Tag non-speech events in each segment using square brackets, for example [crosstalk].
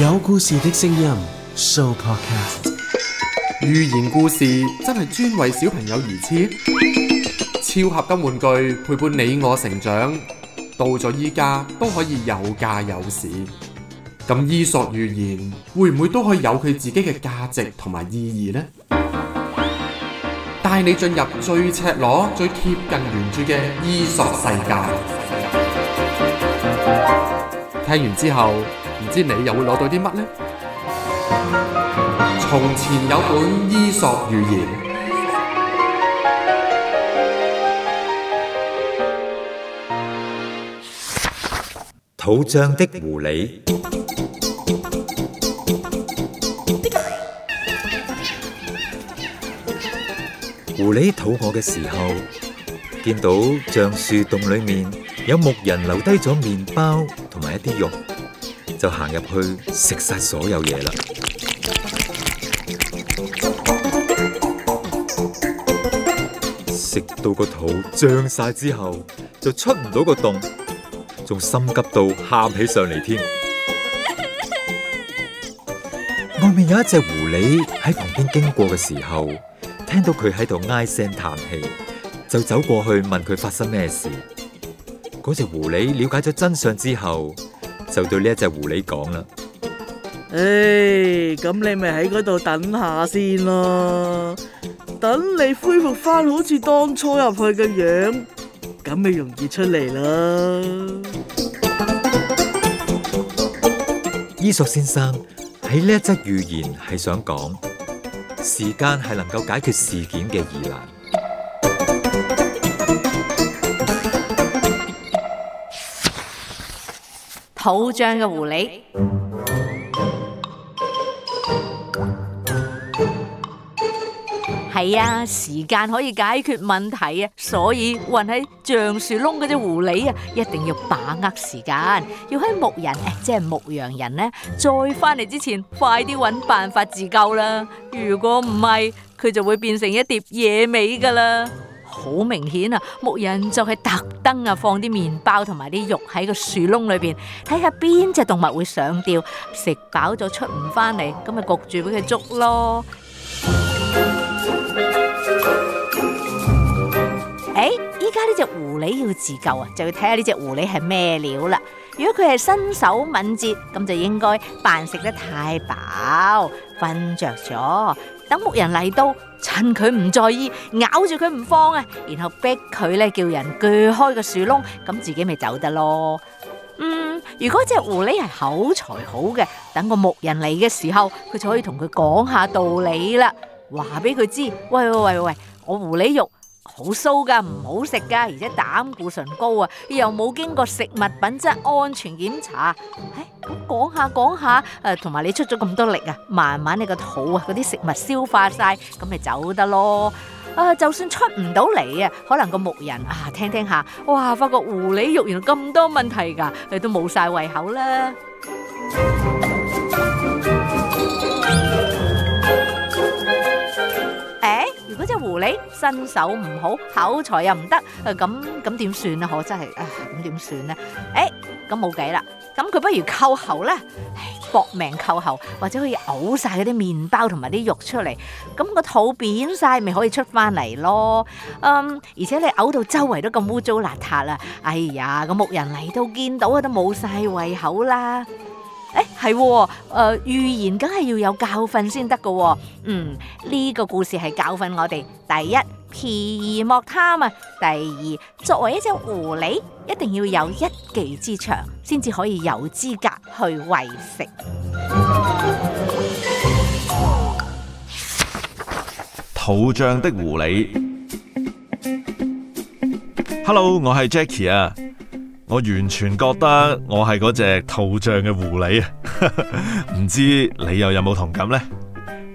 有故事的聲音 Sooopodcast，寓言故事真係專為小朋友而設，超合金玩具陪伴你我成長，到咗依家都可以有價有市。咁伊索寓言會唔會都可以有佢自己嘅價值同埋意義呢？帶你進入最赤裸、最貼近原著嘅伊索世界。聽完之後，唔知你又會攞到啲乜呢？從前有本伊索寓言，肚脹的狐狸。狐狸肚餓嘅時候，見到橡樹洞裏面，有牧人留低咗麵包同埋一啲肉，就行入去食晒所有嘢啦。食 [music] 到個肚脹晒之後，就出唔到個洞，仲心急到喊起上嚟添。 [music] 外面有一隻狐狸喺旁邊經過嘅時候，聽到佢喺度唉聲嘆氣，就走過去問佢發生咩事。嗰隻狐狸了解咗真相之後，就對呢一隻狐狸講啦，唉、哎，咁你咪喺嗰度等下先咯，啊，等你恢復翻好似當初入去嘅樣，咁咪容易出嚟啦。伊索先生喺呢一則寓言係想講，時間係能夠解決事件嘅疑難。肚脹嘅狐狸，係啊，時間可以解決問題啊，所以混喺橡樹窿嗰隻狐狸啊，一定要把握時間，要喺牧人，即係牧羊人呢，再翻嚟之前，快啲搵辦法自救啦！如果唔係，佢就會變成一碟野味噶啦。好明顯啊！牧人就係特登啊，放啲麵包同埋啲肉喺個樹窿裏邊，睇下邊隻動物會上吊，食飽咗出唔返嚟，咁咪焗住俾佢捉咯。誒，依家呢隻狐狸要自救啊，就要睇下呢隻狐狸係咩料啦。如果佢係身手敏捷，咁就應該扮食得太飽，瞓着咗，等牧人嚟到趁佢唔在意，咬住佢唔放啊！然後逼佢咧叫人鋸開個樹窿，咁自己咪走得咯。嗯，如果隻狐狸係口才好嘅，等個牧人嚟嘅時候，佢就可以同佢講下道理啦，話俾佢知，喂喂喂喂，我狐狸肉。好騷噶，唔好食噶，而且膽固醇高啊，又冇經過食物品質安全檢查。唉、哎，咁講下講下，誒、啊，同埋你出咗咁多力啊，慢慢你個肚啊，嗰啲食物消化晒，咁咪走得咯。啊，就算出唔到嚟啊，可能個牧人啊，聽聽下，哇，發覺狐狸肉原來咁多問題噶，你都冇晒胃口啦。狐狸身手唔好，口才又唔得，咁咁點算啊？我真係，咁點算咧？誒、欸，咁冇計啦，咁佢不如扣喉啦，搏命扣喉，Aku, 或者可以嘔晒嗰啲麵包同埋啲肉出嚟，咁個肚扁晒，咪可以出翻嚟咯。嗯，而且你嘔到周圍都咁污糟邋遢啦，哎呀，個牧人嚟到見到都冇晒胃口啦。誒，係、哎，誒、哦，寓、呃、言梗係要有教訓先得㗎。嗯，呢、這個故事係教訓我哋：第一，便宜莫貪啊；第二，作為一隻狐狸，一定要有一技之長，先至可以有資格去餵食。肚脹的狐狸，Hello，我係 Jackie 啊。我完全覺得我係嗰隻肚脹嘅狐狸啊，唔知你又有冇同感呢？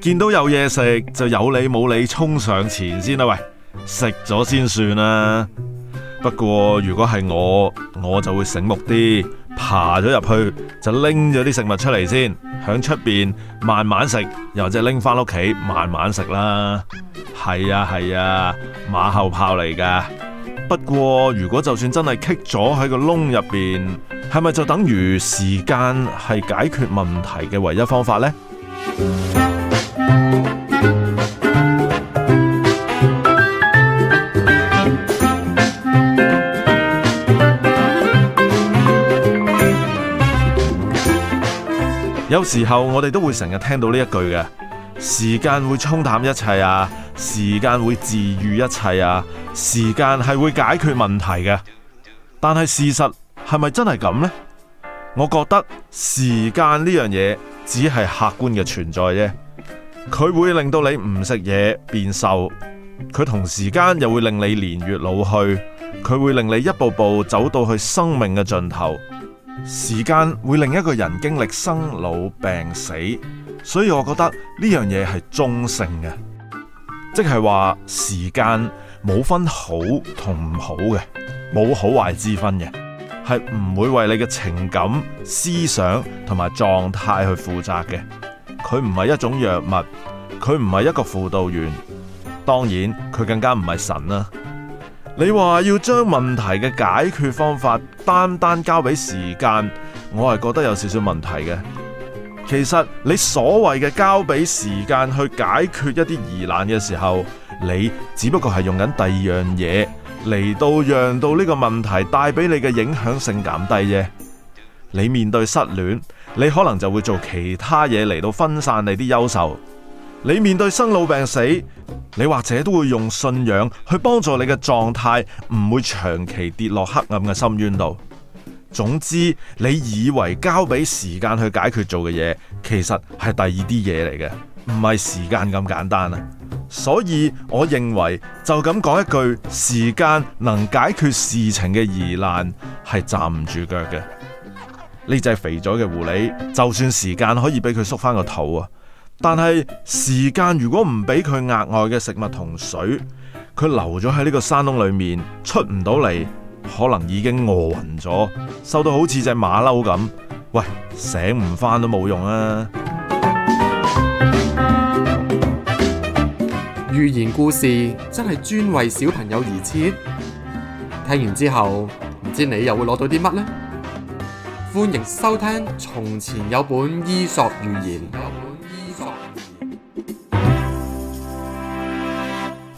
見到有嘢食就有你冇你衝上前先啦，喂，食咗先算啦。不過如果係我，我就會醒目啲。爬咗入去就拎咗啲食物出嚟先，喺出邊慢慢食，又或者拎翻屋企慢慢食啦。係啊，係啊，馬後炮嚟㗎。不過如果就算真係棘咗喺個窿入邊，係咪就等於時間係解決問題嘅唯一方法呢？有時候我哋都會成日聽到呢一句嘅，時間會沖淡一切啊，時間會治癒一切啊，時間係會解決問題嘅。但係事實係咪真係咁呢？我覺得時間呢樣嘢只係客觀嘅存在啫，佢會令到你唔食嘢變瘦，佢同時間又會令你年月老去，佢會令你一步步走到去生命嘅盡頭。時間會令一個人經歷生老病死，所以我覺得呢樣嘢係中性嘅，即係話時間冇分好同唔好嘅，冇好壞之分嘅，係唔會為你嘅情感、思想同埋狀態去負責嘅。佢唔係一種藥物，佢唔係一個輔導員，當然，佢更加唔係神啦、啊。你話要將問題嘅解決方法單單交俾時間，我係覺得有少少問題嘅。其實你所謂嘅交俾時間去解決一啲疑難嘅時候，你只不過係用緊第二樣嘢嚟到讓到呢個問題帶俾你嘅影響性減低啫。你面對失戀，你可能就會做其他嘢嚟到分散你啲憂愁。你面對生老病死，你或者都會用信仰去幫助你嘅狀態，唔會長期跌落黑暗嘅深淵度。總之，你以為交俾時間去解決做嘅嘢，其實係第二啲嘢嚟嘅，唔係時間咁簡單啊。所以我認為就咁講一句，時間能解決事情嘅疑難，係站唔住腳嘅。呢隻肥咗嘅狐狸，就算時間可以俾佢縮翻個肚啊！但係時間如果唔俾佢額外嘅食物同水，佢留咗喺呢個山窿裏面，出唔到嚟，可能已經餓暈咗，瘦到好似隻馬騮咁。喂，醒唔翻都冇用啊！寓言故事真係專為小朋友而設，聽完之後唔知你又會攞到啲乜呢？歡迎收聽《從前有本伊索寓言》。